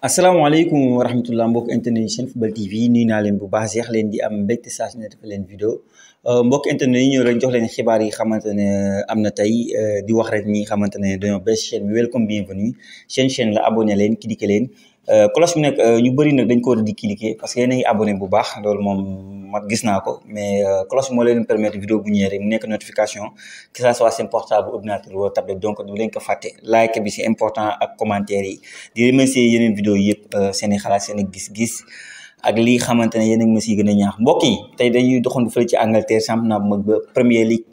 asalaamaaleykum wa rahmatullah mbokk internet yi seen football tv nuyu naa leen bu baax seex leen di am mbégte saa su ne dafa leen vidéo euh, mbokk internet yi ñëw leen jox leen xibaar yi xamante ne euh, am na tey euh, di wax rek ñi xamante ne dañoo bés chaîne bi welcome bienvenue seen chaîne la abonné leen leen cloche eh, eh, bi nag ñu bëri nag dañ ko war di cliquer parce que yéen a ngi abonné bu baax loolu moom man gis naa eh, ko mais cloche bi moo leen permettre vidéo bu ñëwee rek mu nekk notification que ça soit seen portable ordinateur wala tablette donc du leen ko fàtte like bi c'est important ak commentaire yi di remercier yeneen vidéo yëpp seen i xalaat seen gis-gis ak li xamante ne yéen a ngi ma siy gën a ñaax mbokk yi tey dañuy doxandu fële ci Angleterre championnat mag ba Premier League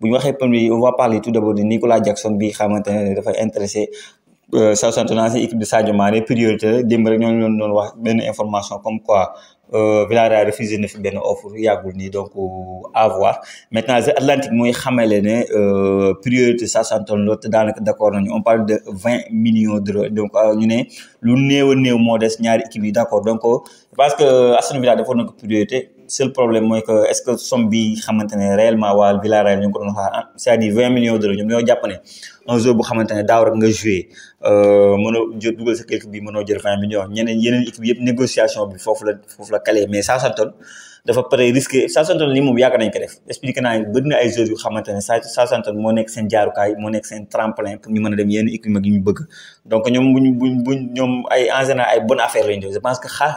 bu ñu waxee Premier League on va parler tout de Nicolas Jackson bi xamante ne dafa intéressé Euh, Southampton ancienne équipe de Sadio Mané priorité la démb rek ñoo ngi wax ben information comme quoi euh, Villarreal refusé de fi une offre yagul ni donc à voir maintenant The Atlantic mooy né euh priorité Southampton la dans daanaka d'accord on parle de 20 millions d'euros donc euh, ñu sommes lu néo a mo moo des ñaari équipe yi d'accord donc je pense que Aston Villa priorité seul problème mooy que est ce que somme bi xamante ne réellement waa real ñu ngi ko doon xaar ah, c'est-à-dire vingt millions d'euros ñoom ñoo jàpp ne un jour bu xamante ne daaw rek nga joué euh, mënoo jël dugal sa quelque bi mënoo jël vingt millions ñeneen yeneen équipe yëpp négociation bi foofu la foofu la calé mais Southampton dafa pare risqué Southampton li moom yàgg nañ ko def expliqué naa bëri na ay joueurs yu xamante ne Southampton moo nekk seen jaarukaay moo nekk seen tremplin pour ñu mën a dem yenn équipe mag yi ñu bëgg donc ñoom buñ buñ buñ ñoom ay en général ay bonne affaire lañ def je pense que xaar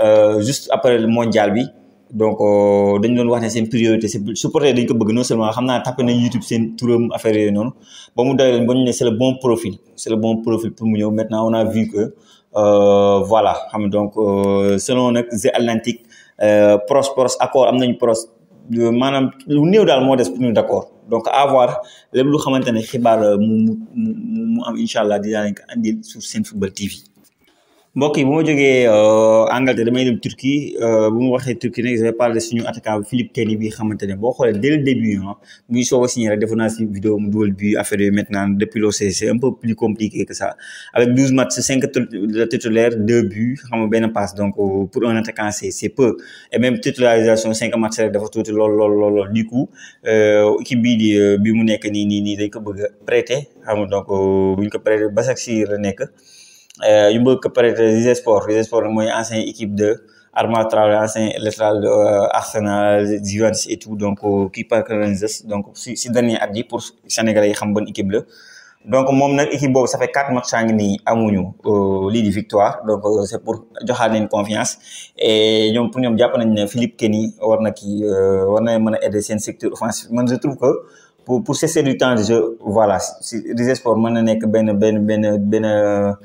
Euh, juste après le mondial bi donc euh, dañu doon wax ne seen priorité c'est supporter dañ ko bëgg non seulement xam naa tapé nañ YouTube seen turam affaire yooyu noonu ba mu doy ba ñu ne c'est le bon profil c'est le bon profil pour mu ñëw maintenant on a vu que euh, voilà xam donc selon nag The Atlantic pros pros accord am nañu pros maanaam lu néew daal moo des pour ñu d'accord donc voir lépp lu xamante ne xibaar mu mu mu am incha allah dinaa leen ko andil sur seen football TV. Bokki yi bu ma jógee euh, Angleterre damay dem Turquie euh, bu ma waxé Turquie nek je vais parler suñu attaquant Philippe Kenny bi xamante bo xolé dès le début ah muy soog a signé rek defuna ci vidéo mu dugal bi affaire maintenant depuis l'OCC, c'est un peu plus compliqué que ça avec 12 matchs 5 titulaires 2 buts xam nga benn passe donc euh, pour un attaquant c'est c'est peu et même titularisation 5 matchs rek dafa tout lool lool lool du coup équipe bi di bi mu nekk ni ni nii dañ ko bëgg prêter xam donc buñ ko prêter Başakşehir la nek euh, yu bëgg ko prêter Rize Sport Rize Sport mooy ancien équipe de Arma Traoré ancien latéral de euh, Arsenal Juventus et tout donc euh, kii park Rangers donc si si dernier at pour Sénégalais yi xam bonne équipe la. donc mom nak équipe bobu ça fait quatre matchs ngi nii amuñu lii di victoire donc c'est est pour joxaat leen confiance et ñom pour ñom japp nañ ne Philippe Kenny war na euh, war na mëna aider sen secteur offensif man je trouve que pour pour cesser du temps de jeu voilà si Rize Sport mën na ben ben ben ben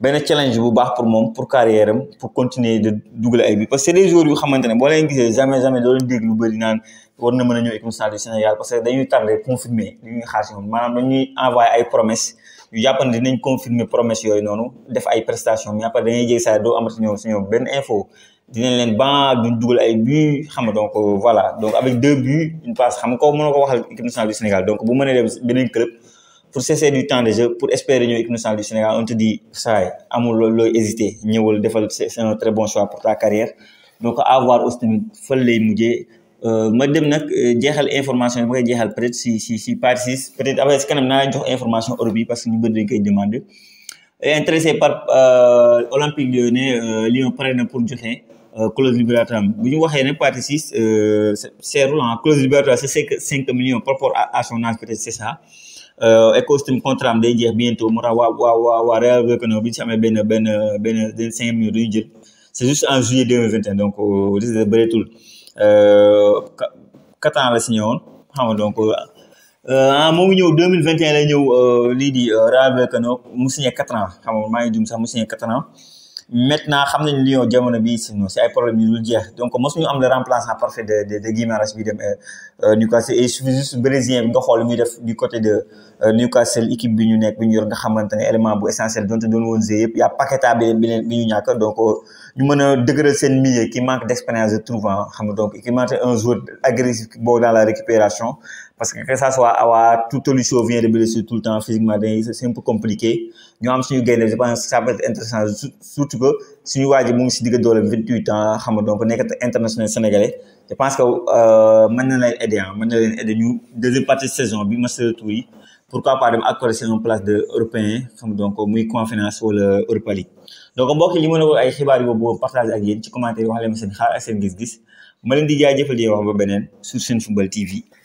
ben challenge bu baax pour moom pour carrière am pour continuer de dugal ay bi parce que c'est des joueurs yu xamante ne boo leen gisee jamais jamais doo leen dégg lu bëri naan war na mën a ñëw équipe nationale du Sénégal parce que dañuy tardé confirmer li ñuy xaar si moom maanaam dañuy envoyé ay promesses yu jàpp ne dinañ confirmer promesse yooyu noonu def ay prestations mais après dañuy jéggi saa doo amati ñoom si ñoom benn info dinañ leen ban duñ dugal ay buts xam nga donc euh, voilà donc avec deux buts une passe xam nga koo mënoo ko waxal équipe nationale du Sénégal donc bu mënee dem beneen club pour cesser du temps déjà, pour espérer une équipe du Sénégal on te dit ça amul loolu looy hésité c'est un très bon choix pour ta carrière donc avoir aussi tamit fan lay mujjee euh, ma dem nag euh, jeexal information bi ma koy peut-être si si si partie peut-être après c'est kanam même leen jox information Europe yi parce que ñu bëri dañ koy demander intéressé par euh, Olympique Lyonnais Lyon pare na pour joxe clause libératoire bu ñu waxee ne partie six c'est roulant clause libératoire c'est 5 millions par rapport à son âge peut-être c'est ça euh, bientôt c'est juste en juillet 2021, donc c'est euh, 4 euh, ans la signé donc ans maintenant xam nañ Lyon jamono bi sinon si ay problème yu dul jeex donc mosuñu am le remplaçant parfait de de de Guimaraes bi dem euh, euh, Newcastle et suffit juste brésilien nga xol muy def du côté de euh, Newcastle équipe bi ñu nekk bi ñu yor nga xamante élément bu essentiel donte doon won Zé yépp ya a Paqueta bi bi ñu ñàkk donc ñu mëna a dëgëral seen milieu qui manque d'expérience de trouvant xam nga donc qui manque un joueur agressif boo dans la récupération parce que que ça soit avoir tout le vient de tout le temps physiquement c'est un peu compliqué je pense que ça peut être intéressant surtout que si nous 28 ans donc international sénégalais je pense que euh, maintenant, aider ah, deuxième partie saison pourquoi pas accorder place de européen xam donc donc a ay xibaar les commentaires. ci commentaire wax sur football TV.